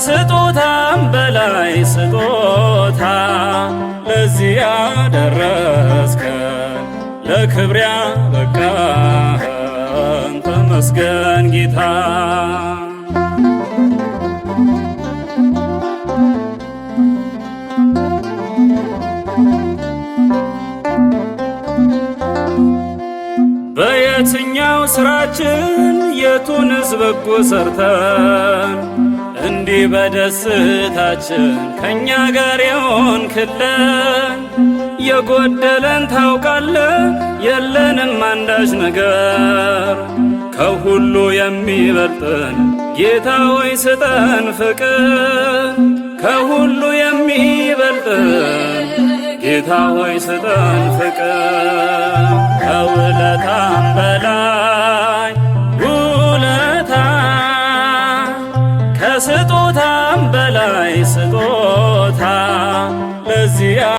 ከስጦታም በላይ ስጦታ ለዚያ ደረስከን ለክብሪያ በቃህን ተመስገን ጌታ። በየትኛው ስራችን የቱንስ በጎ ሰርተን እንዲህ በደስታችን ከእኛ ጋር የሆንክልን የጎደለን ታውቃለ የለንም አንዳች ነገር ከሁሉ የሚበልጥን ጌታ ሆይ ስጠን ፍቅር ከሁሉ የሚበልጥን ጌታ ሆይ ስጠን ፍቅር ከውለታም በላ ከስጦታም በላይ ስጦታ ለዚያ